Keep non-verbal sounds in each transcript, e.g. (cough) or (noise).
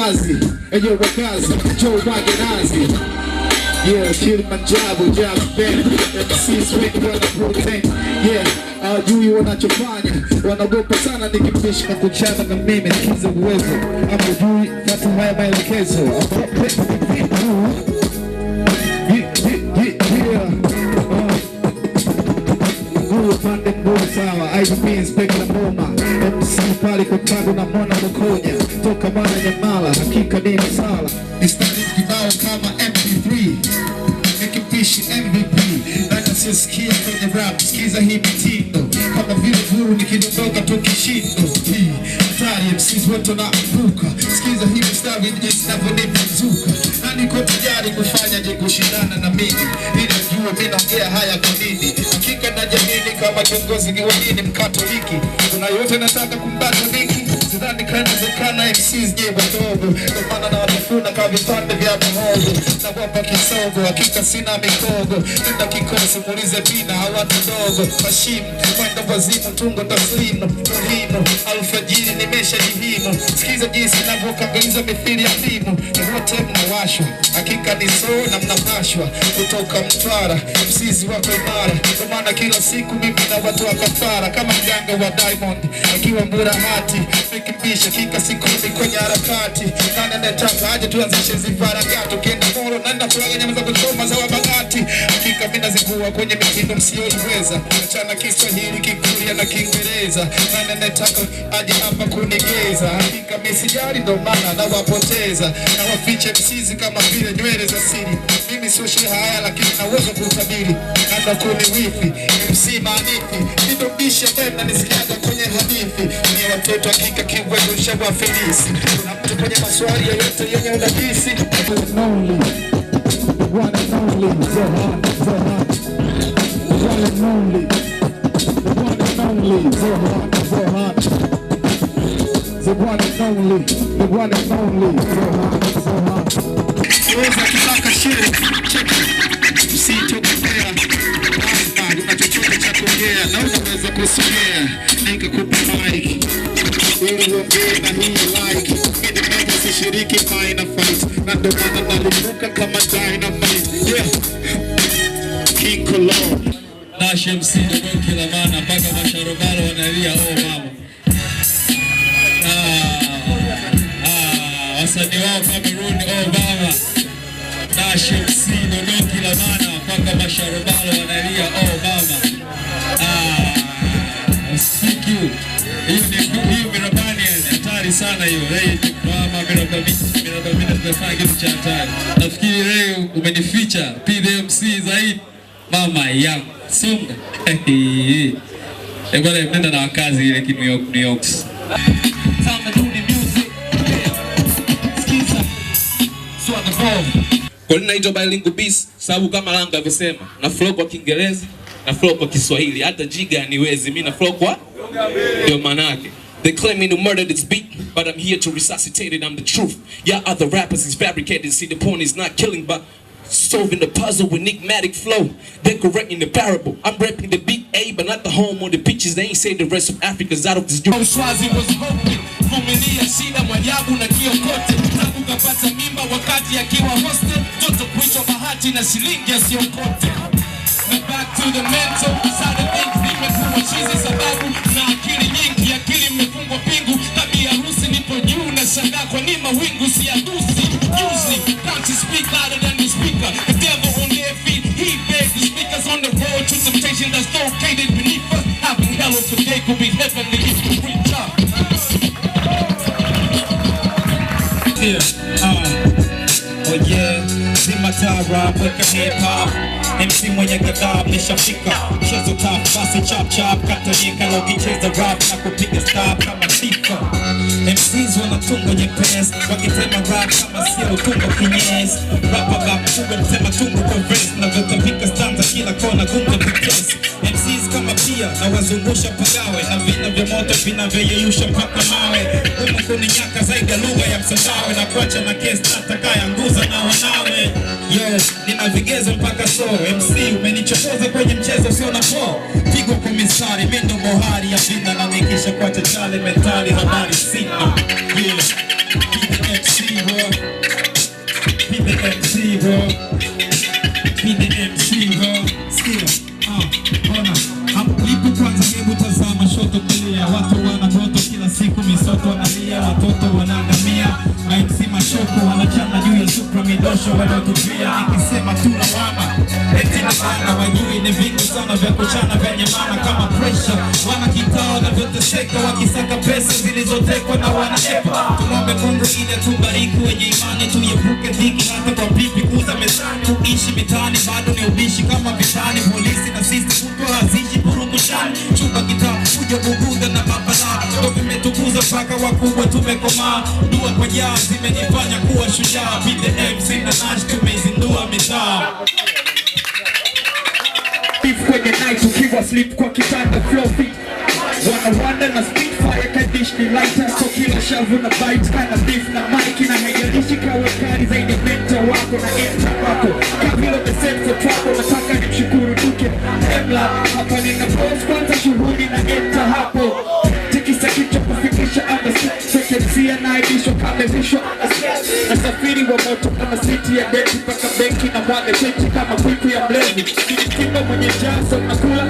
fazi enye wakazi Joe wage nazi Yeah, kill manjabu, jazz band MC Swing, brother protein Yeah, hawajui uh, wanachofanya wanaogopa sana nikipisha na kuchana na mimi kiza uwezo ama hujui fata haya maelekezo nguvu sawa, IPP inspect na boma MC pale kwa klabu na mwana mkoja toka mara nyamala, hakika deni sala mistari kibao kama MP3 nikimpishi MVP hata siosikia kwenye rap, sikiza hii mitindo kama vile guru nikidondoka tu kishindo hatari MCs wote naambuka, sikiza hii mistari jinsi navyonipazuka na niko tayari kufanya je na mimi ili ajue mi haya kwa nini kama kiongozi wa dini Mkatoliki, tuna yote nataka kumbata dini sidhani kwenda zikana MCs je botogo ndio na nawatafuna kwa vipande vya muhogo na wapa kisogo hakika sina mikogo nenda kikosi muulize bina hawa dogo Mashimu, mwendo wazimu tungo taslimu muhimu alfajiri nimesha jihimu sikiza jinsi na voka navyokangaliza mithiri ya timu wote mnawashwa hakika ni so na mnapashwa kutoka Mtwara msizi wako imara kwa maana kila siku mimi na watu wakafara kama mganga wa Diamond akiwa hati kipisha fika siku hizi kwenye harakati nane netazaje tuanzishe zifarakati ukienda moro nanda kulaganya mzago ninazivua kwenye mitindo msiyoiweza, achana Kiswahili Kikuria na Kiingereza, nani anataka aje hapa kunigeza? Hakika mimi sijali, ndo maana nawapoteza, wafiche msizi kama vile nywele za siri. Mimi sio haya, lakini na naweza kutabiri nanda wifi MC maanifi ndo bisha tena nisikiaga kwenye hadithi ni watoto hakika kiwezo shagwa felisi kuna mtu kwenye maswali yoyote yenye udadisi only, the one and only. So hard, so hard. Weza kutaka share, cheki, msichokopea. Basta, una chochote cha kuongea na unaweza kusogea, nikakupa mic ili uongee na hii like ili sishiriki final fight, na ndio maana nalipuka kama dynamite. Yeah, King Cologne na Shamsi Kilamana kama oh mama ah, hiyo ni hiyo mirabani hatari sana hiyo mama mirabani mirabani tunafanya kitu cha hatari nafikiri umenificha PDMC zaidi mama yangu songa mnenda (laughs) eh, na wakazi ile New York music. the kwa nini naitwa bilingual beast? Sababu kama Langa alivyosema, na flow kwa Kiingereza na flow kwa Kiswahili, hata jiga niwezi mimi na flow kwa ndio maana yake. They claim to murder this beat, but I'm here to resuscitate it. I'm the truth. Yeah, other rappers is fabricated. See, the point is not killing, but solving the puzzle with enigmatic flow, decorating the parable. I'm rapping the beat A, but not the home or the pitches. They ain't say the rest of Africa's out of this. Swazi was hoping, vumilia shida, mwajabu na kiokote, tangu kapata mama wakati akiwa hoste toto kuitwa bahati na shilingi asiyokote. Back to the mental chizi sababu na akili nyingi, akili mmefungwa pingu, tabia harusi nipo juu na shangaa kwa ni mawingu si harusi. can't you speak louder than on their feet, he the speakers on the road to temptation that's located rap like a hip hop MC mwenye kadhaa nishafika Chezo tap basi chap chap Katanyika na ukicheza rap na kupiga stop kama tika MCs wanatunga nyepes Wakisema rap kama sio tunga kinyes Rapa bap tuga msema tungu kwa verse Na vyotapika stanza kila kona gunga pikes MCs kama pia na wazungusha pagawe Na vina vya moto vina vya yeyusha mpaka mawe kuni nyaka zaidi ya lugha ya msandawe Na kuacha na kesi nguza na wanawe Yes, nina vigezo mpaka so MC umenichokoza kwenye mchezo sio na po Pigo komisari, mimi ndo bohari ya vina na nikisha kwa chachale mentali habari sina Yes, MC bro MC bro MC bro Skill, ah, uh, ona Hapo ipo kwanza, hebu tazama shoto kulia Watu wana posho wanaotupia ikisema tuna wama eti na bana wajui ni vingi sana vya kuchana vya maana kama pressure wana kitao wanavyoteseka wakisaka pesa zilizotekwa na epa tumombe Mungu ile tubariki wenye imani tuyevuke dhiki hata kwa pipi kuza mezani tuishi mitani bado ni ubishi kama vitani polisi na sisi Vijana wakubwa tumekomaa, dua kwa jaa zimenifanya kuwa shujaa. BDM na nash tumeizindua mitaa kwenye night ukiwa sleep kwa kitanda flow fit wanda na speed fire kadish ni lighter so kila shavu na bite kana beef na mic na haijalishi kawe kari zaidi mentor wako na enter wako kabila the sense of trouble nataka ni nimshukuru duke emla hapa nina pause kwanza shuhuni na enter Kiwa moto kama siti ya deti Paka benki na mwaga cheti kama kwiku ya mleni Kiwa mwenye jaso nakula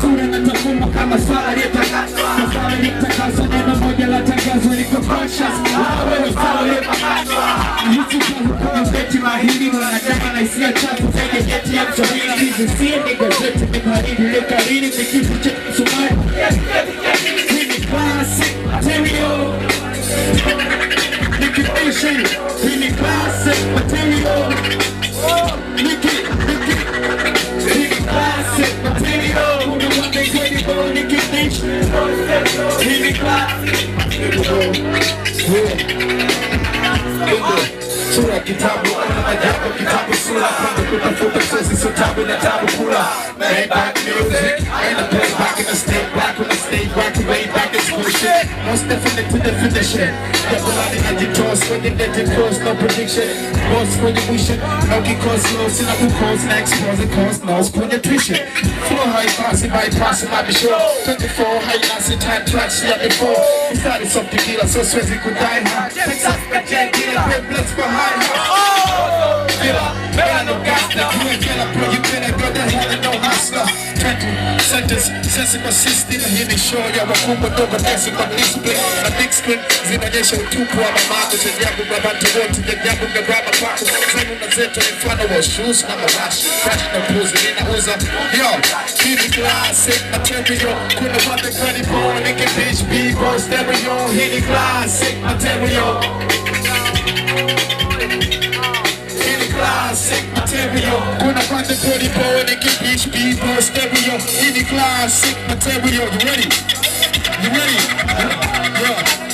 Sura na takuma kama swala aliyetaka Nafaa ni mtakaso neno moja la tangazo liko conscious Wawe mfao lema Yusu kahukua mbeti mahiri Wanadama na isi ya chafu Zenge geti ya mswahili Kizi siye ni gazeti Ni mariri lekariri Ni kifu chetu sumari Yeah. Sura kitabu ajabu kitabu sura music and I play back in the state most definite to definition Double line at the door, swinging at the close. no prediction Most for the mission, no get cause slow. sit up who calls next, pause and cause nose, penetration Flow high pass, it might pass, it might be sure 24, high last, it time tracks, yeah before It's not it's up to kill, so swear we could die hard oh! up, I can't get it, blessed behind Oh, killer, no gangster, you ain't feel bro, you been a brother, hell and no hustler Cattle, sentence, sensible, system, hear me sure, yeah, we're cool, but over next, but this split, a big sprint Zinaonyesha utupu wa mamako Chenye kugabantu wote, chenye kugabama kwako Zenu na zetu ni mfano wa shoes na marashi Fresh na puzi, ninauza Yo, kini classic, material Kuna wate credible, niki bitch, b-boy, stereo Hini classic, material Hini Kuna wate credible, niki bitch, b-boy, stereo Hini classic, material You ready? You ready?